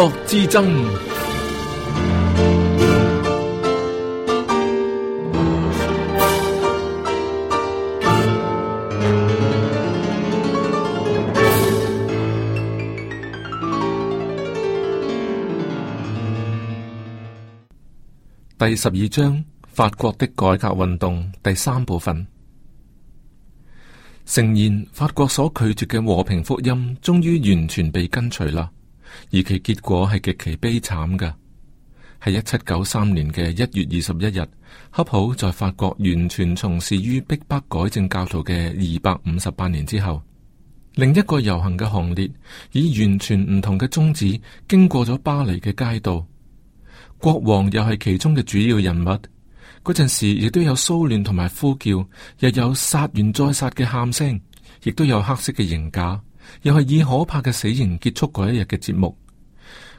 國之爭。第十二章：法國的改革運動第三部分。誠然，法國所拒絕嘅和平福音，終於完全被根除啦。而其結果係極其悲慘㗎，喺一七九三年嘅一月二十一日，恰好在法國完全從事於逼迫改正教徒嘅二百五十八年之後，另一個遊行嘅行列以完全唔同嘅宗旨經過咗巴黎嘅街道，國王又係其中嘅主要人物。嗰陣時亦都有騷亂同埋呼叫，又有殺完再殺嘅喊聲，亦都有黑色嘅刑架。又係以可怕嘅死刑結束嗰一日嘅節目。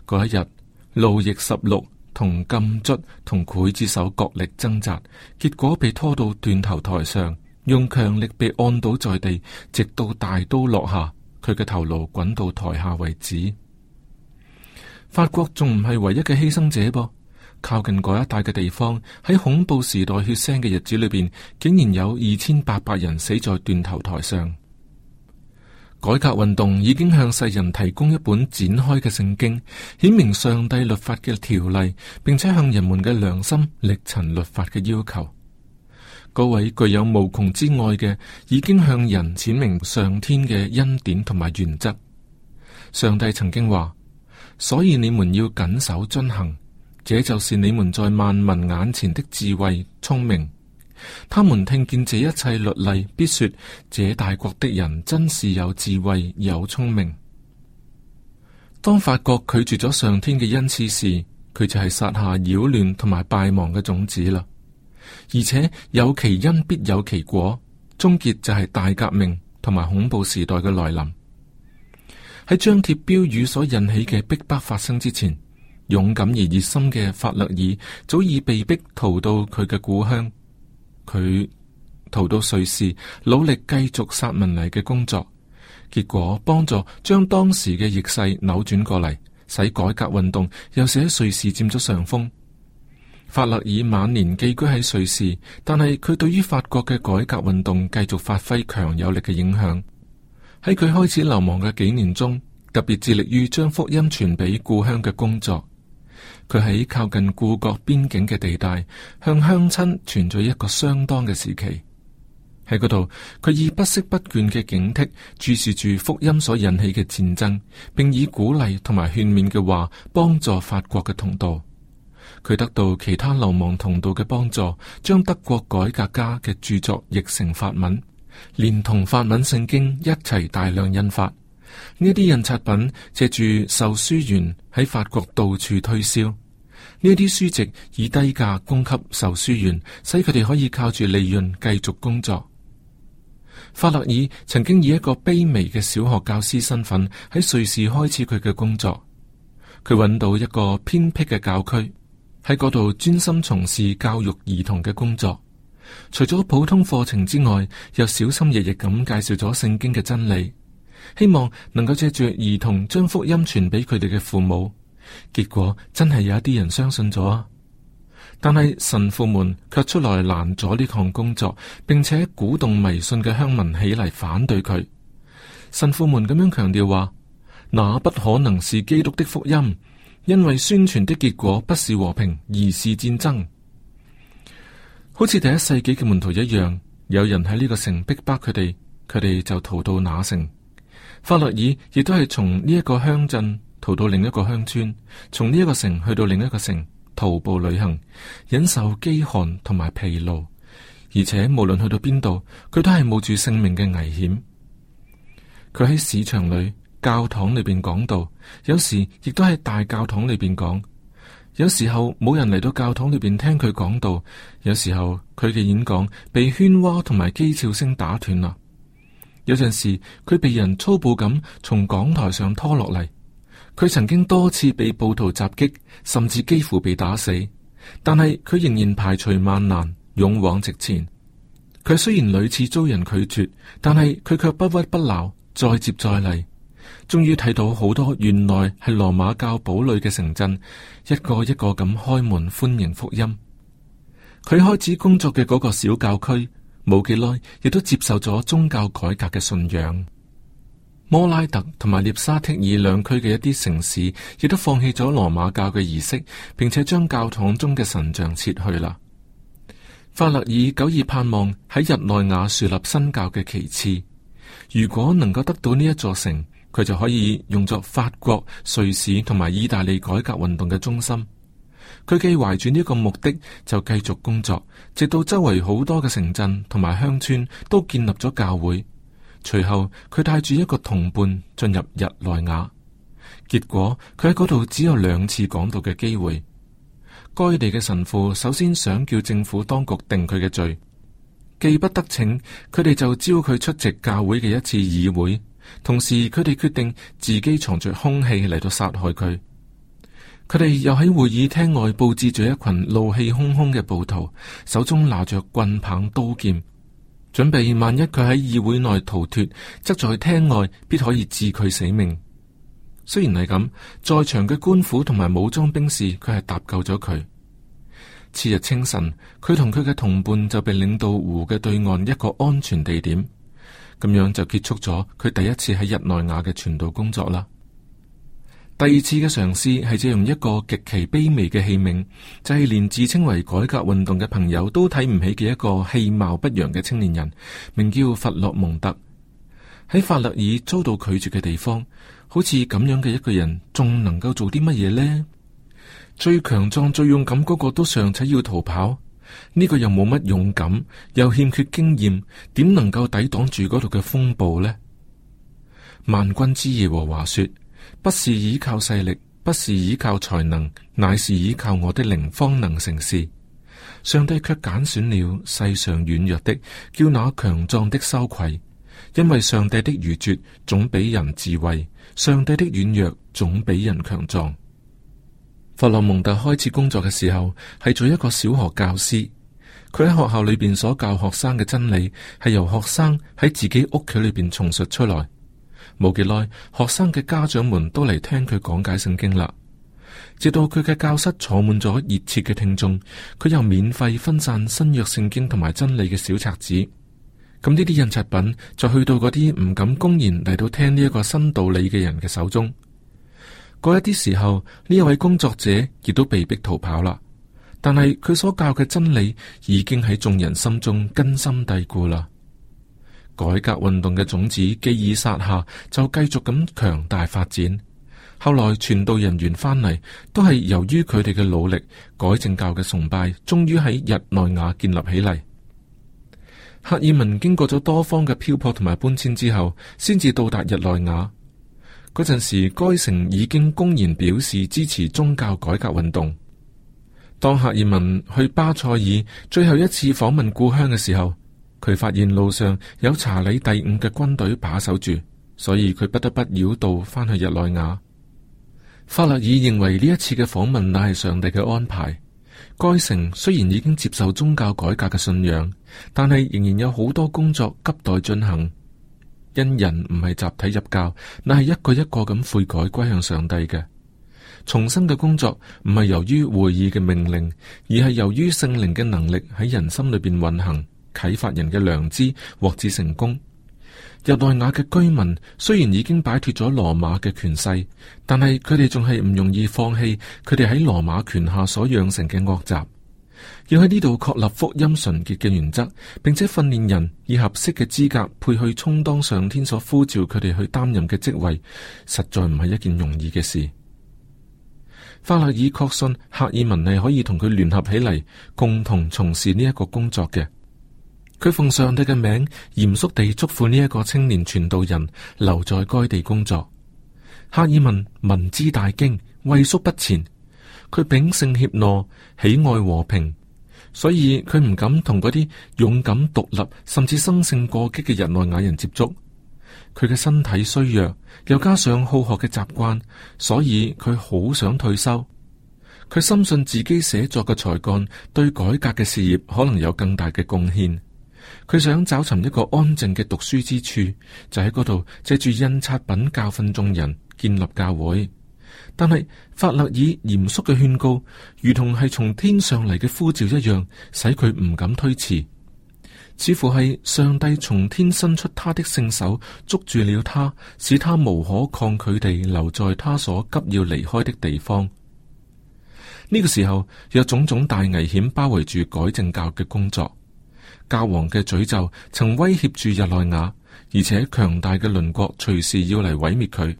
嗰一日，路易十六同禁卒同劊子手角力掙扎，結果被拖到斷頭台上，用強力被按倒在地，直到大刀落下，佢嘅頭顱滾到台下為止。法國仲唔係唯一嘅犧牲者噃。靠近嗰一帶嘅地方喺恐怖時代血腥嘅日子裏邊，竟然有二千八百人死在斷頭台上。改革運動已經向世人提供一本展開嘅聖經，顯明上帝律法嘅條例，並且向人們嘅良心力陳律法嘅要求。各位具有無窮之愛嘅，已經向人顯明上天嘅恩典同埋原則。上帝曾經話：「所以你們要謹守遵行，這就是你們在萬民眼前的智慧、聰明。他們聽見這一切律例，必說：這大國的人真是有智慧，有聰明。當法國拒絕咗上天嘅恩賜時，佢就係撒下擾亂同埋敗亡嘅種子啦。而且有其因必有其果，終結就係大革命同埋恐怖時代嘅來臨。喺張貼標語所引起嘅逼迫發生之前，勇敢而熱心嘅法勒爾早已被逼逃到佢嘅故鄉。佢逃到瑞士，努力繼續殺文尼嘅工作，結果幫助將當時嘅逆勢扭轉過嚟，使改革運動又喺瑞士佔咗上風。法勒爾晚年寄居喺瑞士，但係佢對於法國嘅改革運動繼續發揮強有力嘅影響。喺佢開始流亡嘅幾年中，特別致力於將福音傳俾故鄉嘅工作。佢喺靠近故國邊境嘅地帶，向鄉親傳咗一個相當嘅時期。喺嗰度，佢以不息不倦嘅警惕注視住福音所引起嘅戰爭，並以鼓勵同埋勸勉嘅話幫助法國嘅同道。佢得到其他流亡同道嘅幫助，將德國改革家嘅著作譯成法文，連同法文聖經一齊大量印發。呢啲印刷品借住售書員喺法國到處推銷，呢啲書籍以低價供給售書員，使佢哋可以靠住利潤繼續工作。法勒爾曾經以一個卑微嘅小學教師身份喺瑞士開始佢嘅工作，佢揾到一個偏僻嘅教區，喺嗰度專心從事教育兒童嘅工作，除咗普通課程之外，又小心翼翼咁介紹咗聖經嘅真理。希望能夠借住兒童將福音傳俾佢哋嘅父母，結果真係有一啲人相信咗啊。但係神父們卻出來攔阻呢項工作，並且鼓動迷信嘅鄉民起嚟反對佢。神父們咁樣強調話，那不可能是基督的福音，因為宣傳的結果不是和平，而是戰爭。好似第一世紀嘅門徒一樣，有人喺呢個城逼迫佢哋，佢哋就逃到那城。法律爾亦都係從呢一個鄉鎮逃到另一個鄉村，從呢一個城去到另一個城，徒步旅行，忍受飢寒同埋疲勞，而且無論去到邊度，佢都係冒住性命嘅危險。佢喺市場裏、教堂裏邊講道，有時亦都喺大教堂裏邊講。有時候冇人嚟到教堂裏邊聽佢講道，有時候佢嘅演講被喧嘩同埋譏笑聲打斷啦。有陣時，佢被人粗暴咁從講台上拖落嚟。佢曾經多次被暴徒襲擊，甚至幾乎被打死。但係佢仍然排除萬難，勇往直前。佢雖然屢次遭人拒絕，但係佢卻不屈不撓，再接再厲。終於睇到好多原來係羅馬教堡壘嘅城鎮，一個一個咁開門歡迎福音。佢開始工作嘅嗰個小教區。冇幾耐，亦都接受咗宗教改革嘅信仰，摩拉特同埋涅沙汀爾兩區嘅一啲城市亦都放棄咗羅馬教嘅儀式，並且將教堂中嘅神像撤去啦。法勒爾久已盼望喺日內瓦樹立新教嘅旗幟，如果能夠得到呢一座城，佢就可以用作法國、瑞士同埋意大利改革運動嘅中心。佢既懷住呢個目的，就繼續工作，直到周圍好多嘅城鎮同埋鄉村都建立咗教會。隨後，佢帶住一個同伴進入日內瓦，結果佢喺嗰度只有兩次講道嘅機會。該地嘅神父首先想叫政府當局定佢嘅罪，既不得逞，佢哋就招佢出席教會嘅一次議會，同時佢哋決定自己藏著凶器嚟到殺害佢。佢哋又喺會議廳外布置咗一群怒氣洶洶嘅暴徒，手中拿着棍棒刀劍，準備萬一佢喺議會內逃脱，則在廳外必可以置佢死命。雖然係咁，在場嘅官府同埋武裝兵士，佢係搭救咗佢。次日清晨，佢同佢嘅同伴就被領到湖嘅對岸一個安全地點，咁樣就結束咗佢第一次喺日內瓦嘅傳道工作啦。第二次嘅嘗試係借用一個極其卑微嘅器皿，就係、是、連自稱為改革運動嘅朋友都睇唔起嘅一個其貌不揚嘅青年人，名叫弗洛蒙特。喺法勒爾遭到拒絕嘅地方，好似咁樣嘅一個人，仲能夠做啲乜嘢呢？最強壯最勇敢嗰個都尚且要逃跑，呢、這個又冇乜勇敢，又欠缺經驗，點能夠抵擋住嗰度嘅風暴呢？《萬軍之耶和華說。不是倚靠勢力，不是倚靠才能，乃是倚靠我的靈方能成事。上帝卻揀選了世上軟弱的，叫那強壯的羞愧，因為上帝的愚拙總比人智慧，上帝的軟弱總比人強壯。弗洛蒙特開始工作嘅時候，係做一個小學教師，佢喺學校裏邊所教學生嘅真理，係由學生喺自己屋企裏邊重述出來。冇幾耐，學生嘅家長們都嚟聽佢講解聖經啦。直到佢嘅教室，坐滿咗熱切嘅聽眾，佢又免費分散新約聖經同埋真理嘅小冊子。咁呢啲印刷品就去到嗰啲唔敢公然嚟到聽呢一個新道理嘅人嘅手中。過一啲時候，呢一位工作者亦都被逼逃跑啦。但係佢所教嘅真理已經喺眾人心中根深蒂固啦。改革運動嘅種子既已撒下，就繼續咁強大發展。後來傳道人員翻嚟，都係由於佢哋嘅努力，改正教嘅崇拜，終於喺日內瓦建立起嚟。赫爾文經過咗多方嘅漂泊同埋搬遷之後，先至到達日內瓦。嗰陣時，該城已經公然表示支持宗教改革運動。當赫爾文去巴塞爾最後一次訪問故鄉嘅時候，佢發現路上有查理第五嘅軍隊把守住，所以佢不得不繞道翻去日內瓦。法勒爾認為呢一次嘅訪問乃係上帝嘅安排。該城雖然已經接受宗教改革嘅信仰，但係仍然有好多工作急待進行。因人唔係集體入教，乃係一個一個咁悔改歸向上帝嘅。重生嘅工作唔係由於會議嘅命令，而係由於聖靈嘅能力喺人心裏邊運行。啟發人嘅良知獲至成功。日內瓦嘅居民雖然已經擺脫咗羅馬嘅權勢，但係佢哋仲係唔容易放棄佢哋喺羅馬權下所養成嘅惡習。要喺呢度確立福音純潔嘅原則，並且訓練人以合適嘅資格配去充當上天所呼召佢哋去擔任嘅職位，實在唔係一件容易嘅事。法勒爾確信，克爾文係可以同佢聯合起嚟，共同從事呢一個工作嘅。佢奉上帝嘅名，嚴肅地囑咐呢一個青年傳道人留在該地工作。哈爾文聞之大驚，畏縮不前。佢秉性怯懦，喜愛和平，所以佢唔敢同嗰啲勇敢獨立甚至生性過激嘅日內瓦人接觸。佢嘅身體衰弱，又加上好學嘅習慣，所以佢好想退休。佢深信自己寫作嘅才幹對改革嘅事業可能有更大嘅貢獻。佢想找尋一個安靜嘅讀書之處，就喺嗰度借住印刷品教訓眾人，建立教會。但係法勒以嚴肅嘅勸告，如同係從天上嚟嘅呼召一樣，使佢唔敢推遲。似乎係上帝從天伸出他的聖手，捉住了他，使他無可抗拒地留在他所急要離開的地方。呢、這個時候，有種種大危險包圍住改正教嘅工作。教皇嘅詛咒曾威脅住日內瓦，而且強大嘅鄰國隨時要嚟毀滅佢。呢、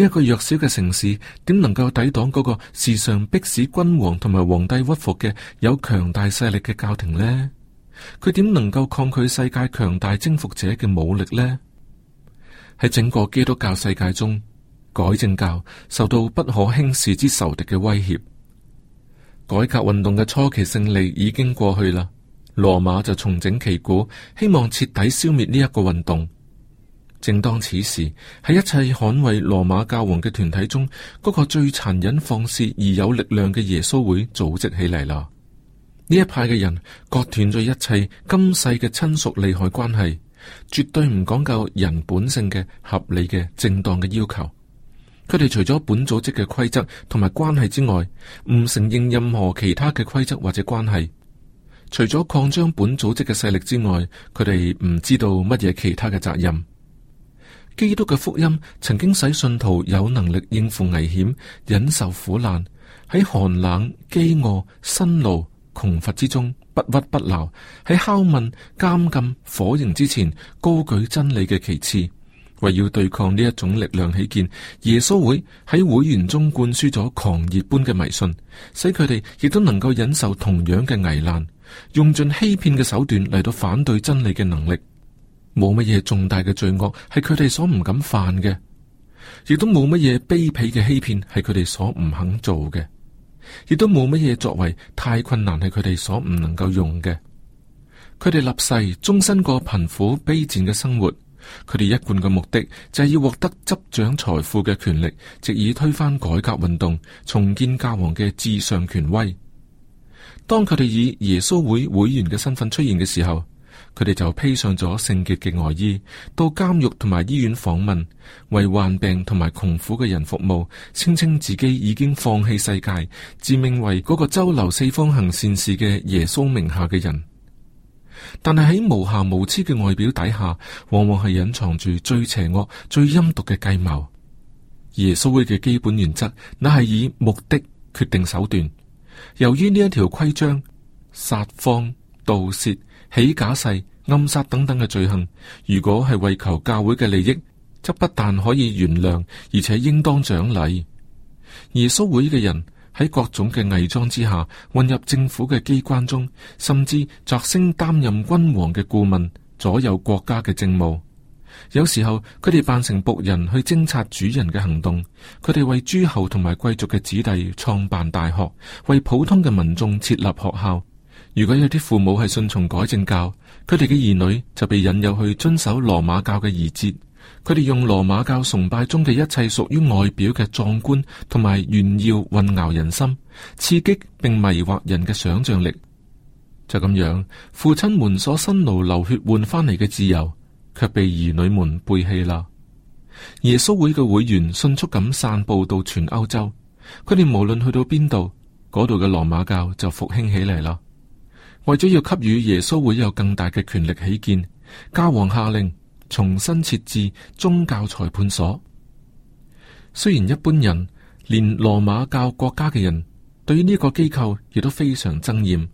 這、一個弱小嘅城市，點能夠抵擋嗰個時常迫使君王同埋皇帝屈服嘅有強大勢力嘅教廷呢？佢點能夠抗拒世界強大征服者嘅武力呢？喺整個基督教世界中，改正教受到不可輕視之仇敵嘅威脅。改革運動嘅初期勝利已經過去啦。羅馬就重整旗鼓，希望徹底消滅呢一個運動。正當此時，喺一切捍衛羅馬教皇嘅團體中，嗰個最殘忍、放肆而有力量嘅耶穌會組織起嚟啦。呢一派嘅人割斷咗一切今世嘅親屬利害關係，絕對唔講究人本性嘅合理嘅正當嘅要求。佢哋除咗本組織嘅規則同埋關係之外，唔承認任何其他嘅規則或者關係。除咗擴張本組織嘅勢力之外，佢哋唔知道乜嘢其他嘅責任。基督嘅福音曾經使信徒有能力應付危險、忍受苦難，喺寒冷、飢餓、辛勞、窮乏之中不屈不撓，喺拷問、監禁、火刑之前高舉真理嘅旗幟。為要對抗呢一種力量起見，耶穌會喺會員中灌輸咗狂熱般嘅迷信，使佢哋亦都能夠忍受同樣嘅危難。用盡欺騙嘅手段嚟到反對真理嘅能力，冇乜嘢重大嘅罪惡係佢哋所唔敢犯嘅，亦都冇乜嘢卑鄙嘅欺騙係佢哋所唔肯做嘅，亦都冇乜嘢作為太困難係佢哋所唔能夠用嘅。佢哋立誓終身過貧苦卑賤嘅生活，佢哋一貫嘅目的就係要獲得執掌財富嘅權力，藉以推翻改革運動，重建教皇嘅至上權威。當佢哋以耶穌會會員嘅身份出現嘅時候，佢哋就披上咗聖潔嘅外衣，到監獄同埋醫院訪問，為患病同埋窮苦嘅人服務，聲稱自己已經放棄世界，自命為嗰個周流四方行善事嘅耶穌名下嘅人。但係喺無瑕無疵嘅外表底下，往往係隱藏住最邪惡、最陰毒嘅計謀。耶穌會嘅基本原則，乃係以目的決定手段。由於呢一條規章，撒謊、盜竊、起假誓、暗殺等等嘅罪行，如果係為求教會嘅利益，則不但可以原諒，而且應當獎勵。耶穌會嘅人喺各種嘅偽裝之下，混入政府嘅機關中，甚至擢升擔任君王嘅顧問，左右國家嘅政務。有時候佢哋扮成僕人去偵察主人嘅行動，佢哋為諸侯同埋貴族嘅子弟創辦大學，為普通嘅民眾設立學校。如果有啲父母係順從改正教，佢哋嘅兒女就被引誘去遵守羅馬教嘅儀節。佢哋用羅馬教崇拜中嘅一切屬於外表嘅壯觀同埋炫耀，混淆人心，刺激並迷惑人嘅想象力。就咁樣，父親們所辛勞流血換翻嚟嘅自由。卻被兒女們背棄啦！耶穌會嘅會員迅速咁散布到全歐洲，佢哋無論去到邊度，嗰度嘅羅馬教就復興起嚟啦。為咗要給予耶穌會有更大嘅權力起見，教王下令重新設置宗教裁判所。雖然一般人，連羅馬教國家嘅人，對於呢個機構亦都非常憎厭。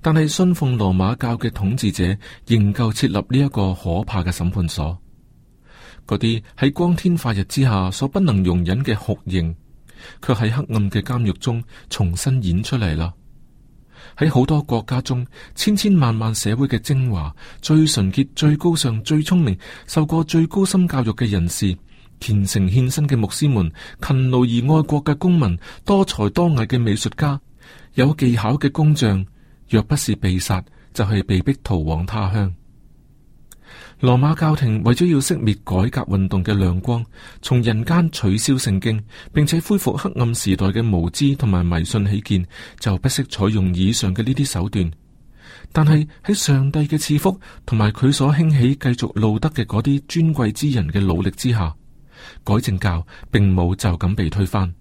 但係信奉羅馬教嘅統治者仍舊設立呢一個可怕嘅審判所，嗰啲喺光天化日之下所不能容忍嘅酷刑，卻喺黑暗嘅監獄中重新演出嚟啦。喺好多國家中，千千萬萬社會嘅精華、最純潔、最高尚、最聰明、受過最高深教育嘅人士、虔誠獻身嘅牧師們、勤勞而愛國嘅公民、多才多藝嘅美術家、有技巧嘅工匠。若不是被殺，就係、是、被迫逃往他鄉。羅馬教廷為咗要熄滅改革運動嘅亮光，從人間取消聖經，並且恢復黑暗時代嘅無知同埋迷信起見，就不惜採用以上嘅呢啲手段。但係喺上帝嘅賜福同埋佢所興起繼續路德嘅嗰啲尊貴之人嘅努力之下，改正教並冇就咁被推翻。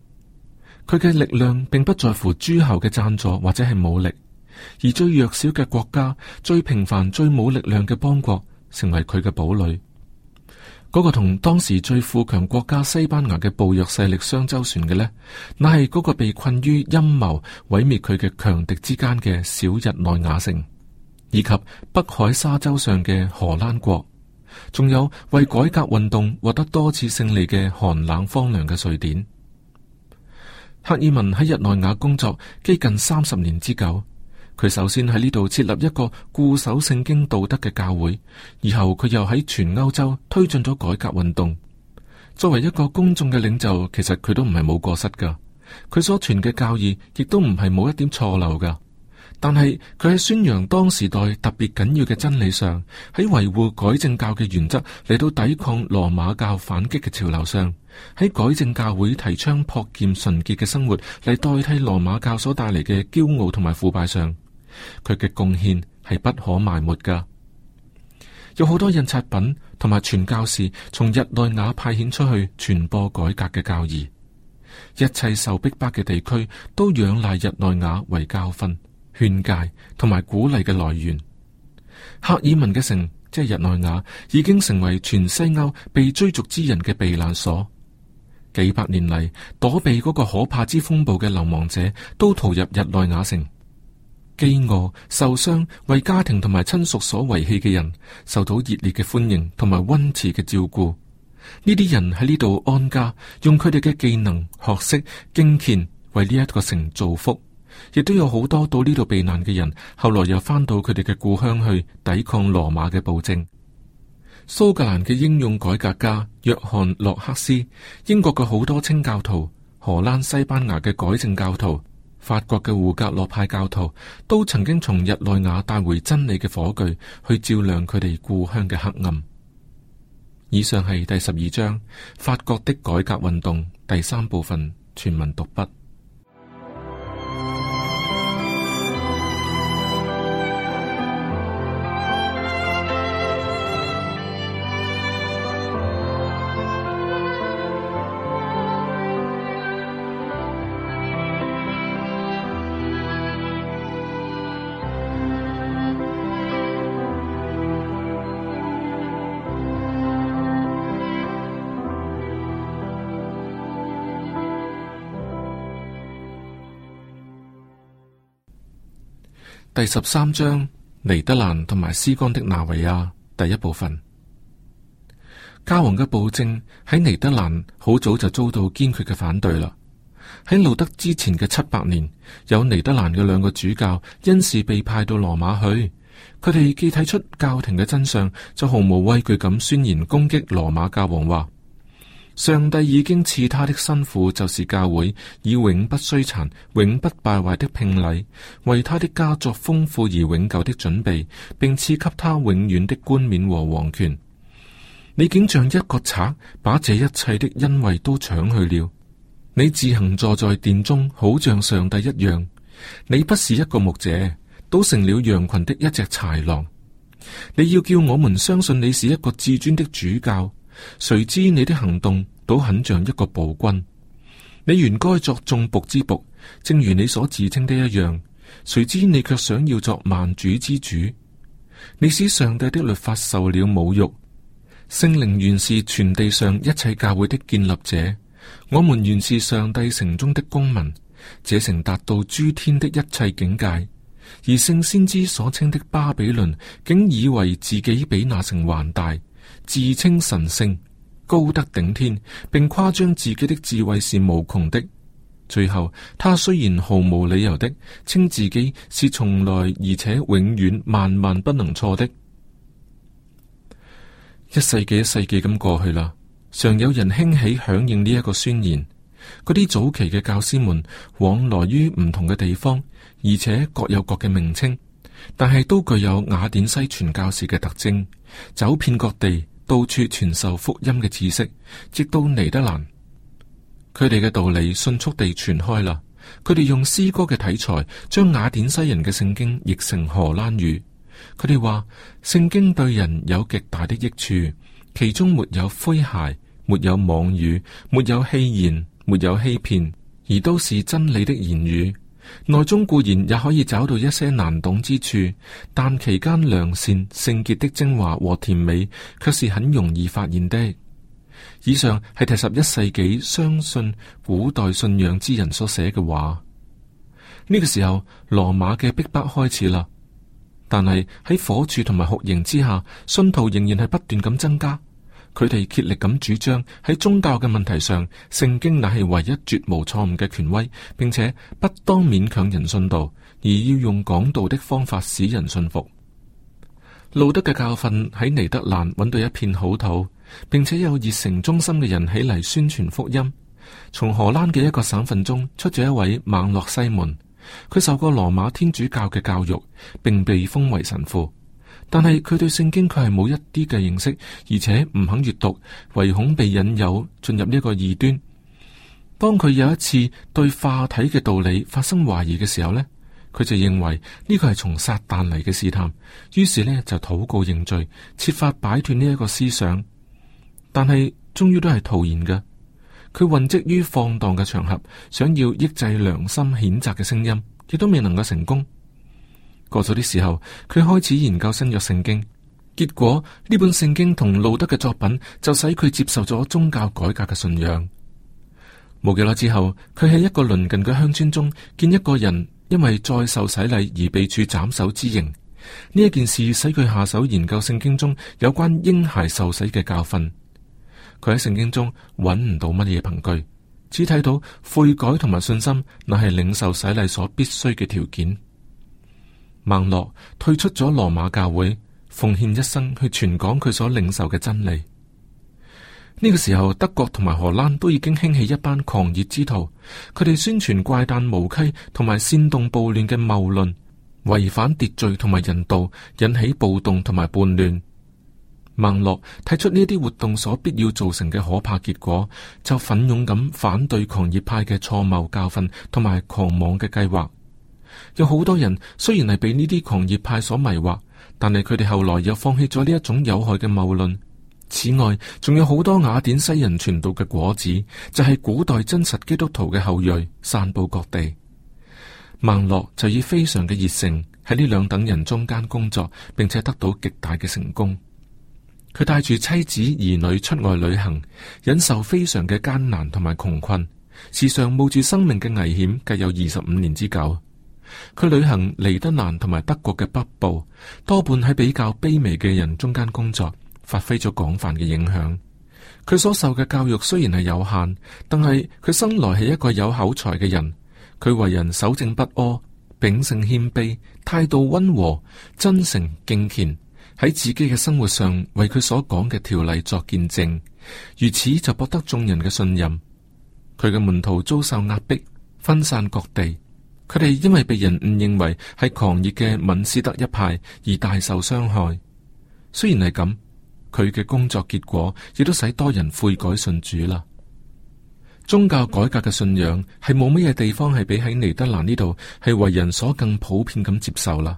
佢嘅力量並不在乎諸侯嘅贊助或者係武力。而最弱小嘅國家、最平凡、最冇力量嘅邦國，成為佢嘅堡壘。嗰、那個同當時最富強國家西班牙嘅暴虐勢力相周旋嘅呢？乃係嗰個被困於陰謀毀滅佢嘅強敵之間嘅小日內瓦城，以及北海沙洲上嘅荷蘭國，仲有為改革運動獲得多次勝利嘅寒冷荒涼嘅瑞典。克爾文喺日內瓦工作，幾近三十年之久。佢首先喺呢度設立一個固守聖經道德嘅教會，而後佢又喺全歐洲推進咗改革運動。作為一個公眾嘅領袖，其實佢都唔係冇過失噶。佢所傳嘅教義亦都唔係冇一點錯漏噶。但係佢喺宣揚當時代特別緊要嘅真理上，喺維護改正教嘅原則嚟到抵抗羅馬教反擊嘅潮流上，喺改正教會提倡樸儉純潔嘅生活嚟代替羅馬教所帶嚟嘅驕傲同埋腐敗上。佢嘅貢獻係不可埋沒噶，有好多印刷品同埋傳教士從日內瓦派遣出去傳播改革嘅教義，一切受逼迫嘅地區都仰賴日內瓦為教訓、勸誡同埋鼓勵嘅來源。克爾文嘅城，即係日內瓦，已經成為全西歐被追逐之人嘅避難所。幾百年嚟，躲避嗰個可怕之風暴嘅流亡者都逃入日內瓦城。飢餓、受傷、為家庭同埋親屬所遺棄嘅人，受到熱烈嘅歡迎同埋溫慈嘅照顧。呢啲人喺呢度安家，用佢哋嘅技能、學識、敬虔為呢一個城造福。亦都有好多到呢度避難嘅人，後來又翻到佢哋嘅故鄉去抵抗羅馬嘅暴政。蘇格蘭嘅英勇改革家約翰·諾克斯，英國嘅好多清教徒，荷蘭、西班牙嘅改正教徒。法國嘅胡格諾派教徒都曾經從日內瓦帶回真理嘅火炬，去照亮佢哋故鄉嘅黑暗。以上係第十二章法國的改革運動第三部分，全文讀筆。第十三章尼德蘭同埋斯干的那維亞，第一部分，教王嘅暴政喺尼德蘭好早就遭到堅決嘅反對啦。喺路德之前嘅七百年，有尼德蘭嘅兩個主教因事被派到羅馬去，佢哋既睇出教廷嘅真相，就毫無畏懼咁宣言攻擊羅馬教王話。上帝已經賜他的新婦，就是教會，以永不衰殘、永不敗壞的聘禮，為他的家作豐富而永久的準備，並賜給他永遠的冠冕和皇權。你竟像一個賊，把這一切的恩惠都搶去了！你自行坐在殿中，好像上帝一樣。你不是一個牧者，倒成了羊群的一隻豺狼。你要叫我們相信你是一個至尊的主教。誰知你的行動倒很像一個暴君，你原該作眾僕之僕，正如你所自稱的一樣。誰知你卻想要作萬主之主，你使上帝的律法受了侮辱。聖靈原是全地上一切教會的建立者，我們原是上帝城中的公民，這城達到諸天的一切境界。而聖先知所稱的巴比倫，竟以為自己比那城還大。自稱神聖、高德頂天，並誇張自己的智慧是無窮的。最後，他雖然毫無理由的稱自己是從來而且永遠萬萬不能錯的。一世紀一世紀咁過去啦，常有人興起響應呢一個宣言。嗰啲早期嘅教師們往來於唔同嘅地方，而且各有各嘅名稱，但係都具有雅典西傳教士嘅特徵，走遍各地。到處傳授福音嘅知識，直到尼德蘭，佢哋嘅道理迅速地傳開啦。佢哋用詩歌嘅題材，將雅典西人嘅聖經譯成荷蘭語。佢哋話聖經對人有極大的益處，其中沒有詼諧，沒有妄語，沒有戲言，沒有欺言，沒有欺騙，而都是真理的言語。內中固然也可以找到一些難懂之處，但其間良善、聖潔的精華和甜美，卻是很容易發現的。以上係第十一世紀相信古代信仰之人所寫嘅話。呢個時候，羅馬嘅逼迫開始啦，但係喺火柱同埋酷刑之下，信徒仍然係不斷咁增加。佢哋竭力咁主張喺宗教嘅問題上，聖經乃係唯一絕無錯誤嘅權威，並且不當勉強人信道，而要用講道的方法使人信服。路德嘅教訓喺尼德蘭揾到一片好土，並且有熱誠忠心嘅人起嚟宣傳福音。從荷蘭嘅一個省份中出咗一位孟諾西門，佢受過羅馬天主教嘅教育，並被封為神父。但係佢對聖經佢係冇一啲嘅認識，而且唔肯閱讀，唯恐被引誘進入呢一個異端。當佢有一次對化體嘅道理發生懷疑嘅時候，呢佢就認為呢個係從撒旦嚟嘅試探，於是呢就禱告認罪，設法擺脫呢一個思想。但係終於都係徒然嘅，佢混跡於放蕩嘅場合，想要抑制良心譴責嘅聲音，亦都未能夠成功。過咗啲時候，佢開始研究新約聖經，結果呢本聖經同路德嘅作品就使佢接受咗宗教改革嘅信仰。冇幾耐之後，佢喺一個鄰近嘅鄉村中見一個人因為再受洗禮而被處斬首之刑，呢一件事使佢下手研究聖經中有關嬰孩受洗嘅教訓。佢喺聖經中揾唔到乜嘢憑據，只睇到悔改同埋信心乃係領受洗禮所必須嘅條件。孟諾退出咗羅馬教會，奉獻一生去傳講佢所領受嘅真理。呢個時候，德國同埋荷蘭都已經興起一班狂熱之徒，佢哋宣傳怪誕無稽同埋煽動暴亂嘅謬論，違反秩序同埋人道，引起暴動同埋叛亂。孟諾睇出呢啲活動所必要造成嘅可怕結果，就奮勇咁反對狂熱派嘅錯謬教訓同埋狂妄嘅計劃。有好多人雖然係被呢啲狂熱派所迷惑，但係佢哋後來又放棄咗呢一種有害嘅謬論。此外，仲有好多雅典西人傳道嘅果子，就係古代真實基督徒嘅後裔，散布各地。孟洛就以非常嘅熱誠喺呢兩等人中間工作，並且得到極大嘅成功。佢帶住妻子兒女出外旅行，忍受非常嘅艱難同埋窮困，時常冒住生命嘅危險，計有二十五年之久。佢旅行尼德蘭同埋德國嘅北部，多半喺比較卑微嘅人中間工作，發揮咗廣泛嘅影響。佢所受嘅教育雖然係有限，但係佢生來係一個有口才嘅人。佢為人守正不阿，秉性謙卑，態度溫和，真誠敬虔。喺自己嘅生活上為佢所講嘅條例作見證，如此就博得眾人嘅信任。佢嘅門徒遭受壓迫，分散各地。佢哋因為被人誤認為係狂熱嘅敏斯特一派而大受傷害，雖然係咁，佢嘅工作結果亦都使多人悔改信主啦。宗教改革嘅信仰係冇乜嘢地方係比喺尼德蘭呢度係為人所更普遍咁接受啦，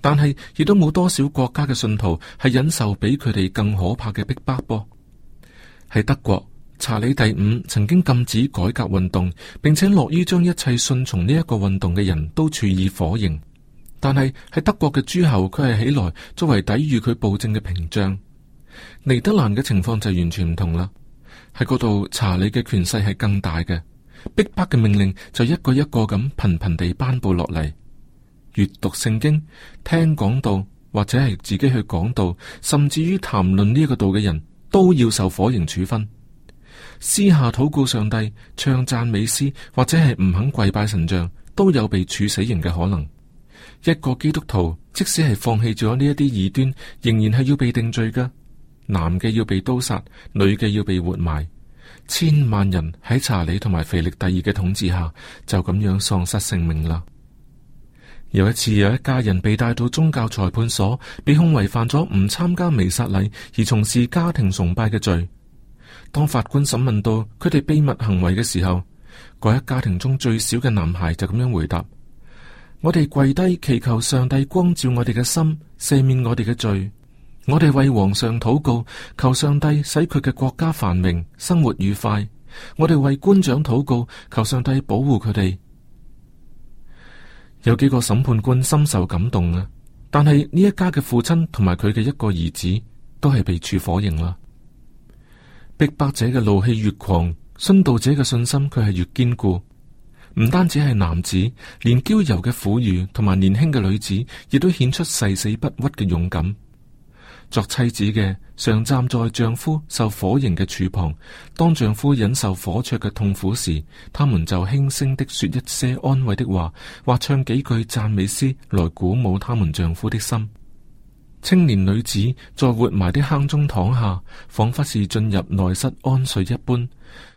但係亦都冇多少國家嘅信徒係忍受比佢哋更可怕嘅逼迫噃，喺德國。查理第五曾經禁止改革運動，並且樂於將一切順從呢一個運動嘅人都處以火刑。但係喺德國嘅諸侯，佢係起來作為抵御佢暴政嘅屏障。尼德蘭嘅情況就完全唔同啦。喺嗰度，查理嘅權勢係更大嘅，逼迫嘅命令就一個一個咁頻頻地頒布落嚟。閱讀聖經、聽講道或者係自己去講道，甚至於談論呢一個道嘅人都要受火刑處分。私下禱告上帝、唱讚美詩或者係唔肯跪拜神像，都有被處死刑嘅可能。一個基督徒即使係放棄咗呢一啲異端，仍然係要被定罪噶。男嘅要被刀殺，女嘅要被活埋。千萬人喺查理同埋腓力第二嘅統治下，就咁樣喪失性命啦。有一次，有一家人被帶到宗教裁判所，被控違反咗唔參加彌撒禮而從事家庭崇拜嘅罪。當法官審問到佢哋秘密行為嘅時候，嗰一家庭中最小嘅男孩就咁樣回答：我哋跪低祈求上帝光照我哋嘅心，赦免我哋嘅罪。我哋為皇上禱告，求上帝使佢嘅國家繁榮，生活愉快。我哋為官長禱告，求上帝保護佢哋。有幾個審判官深受感動啊！但係呢一家嘅父親同埋佢嘅一個兒子都係被處火刑啦。逼迫者嘅怒氣越狂，殉道者嘅信心佢係越堅固。唔單止係男子，連嬌柔嘅婦孺同埋年輕嘅女子，亦都顯出誓死不屈嘅勇敢。作妻子嘅常站在丈夫受火刑嘅柱旁，當丈夫忍受火灼嘅痛苦時，他們就輕聲的說一些安慰的話，或唱幾句讚美詩來鼓舞他們丈夫的心。青年女子在活埋的坑中躺下，仿佛是進入內室安睡一般；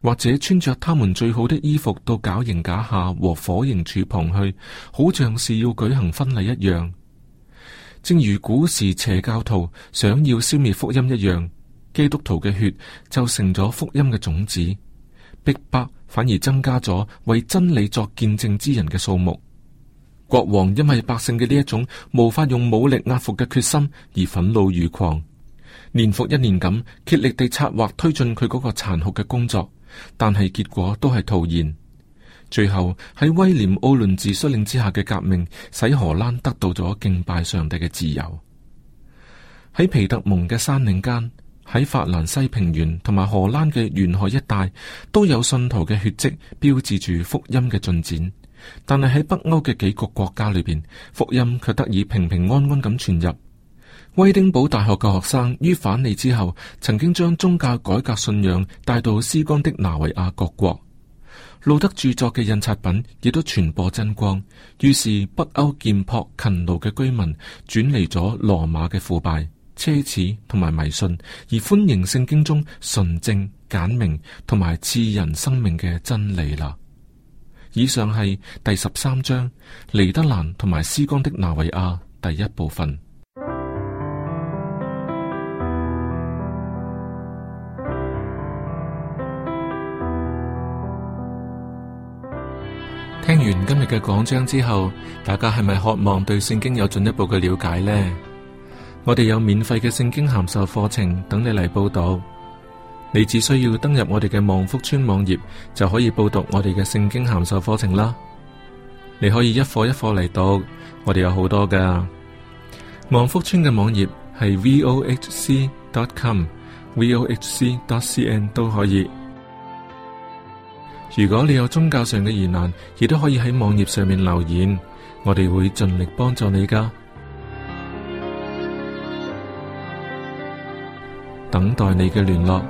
或者穿着他們最好的衣服到絞刑架下和火刑柱旁去，好像是要舉行婚禮一樣。正如古時邪教徒想要消滅福音一樣，基督徒嘅血就成咗福音嘅種子，逼迫反而增加咗為真理作見證之人嘅數目。國王因為百姓嘅呢一種無法用武力壓服嘅決心而憤怒如狂，年復一年咁竭力地策劃推進佢嗰個殘酷嘅工作，但係結果都係徒然。最後喺威廉奧倫治率領之下嘅革命，使荷蘭得到咗敬拜上帝嘅自由。喺皮特蒙嘅山嶺間，喺法蘭西平原同埋荷蘭嘅沿海一帶，都有信徒嘅血跡，標誌住福音嘅進展。但係喺北歐嘅幾個國家裏邊，福音卻得以平平安安咁傳入。威丁堡大學嘅學生於返嚟之後，曾經將宗教改革信仰帶到斯干的那維亞各國。路德著作嘅印刷品亦都傳播真光，於是北歐儉樸勤勞嘅居民轉離咗羅馬嘅腐敗、奢侈同埋迷信，而歡迎聖經中純正、簡明同埋賜人生命嘅真理啦。以上係第十三章《尼德蘭》同埋《斯干的那維亞》第一部分。聽完今日嘅講章之後，大家係咪渴望對聖經有進一步嘅了解呢？我哋有免費嘅聖經函授課程等你嚟報讀。你只需要登入我哋嘅望福村網頁，就可以報讀我哋嘅聖經函授課程啦。你可以一課一課嚟讀，我哋有好多噶。望福村嘅網頁係 vohc.com，vohc.cn 都可以。如果你有宗教上嘅疑難，亦都可以喺網頁上面留言，我哋會盡力幫助你噶。等待你嘅聯絡。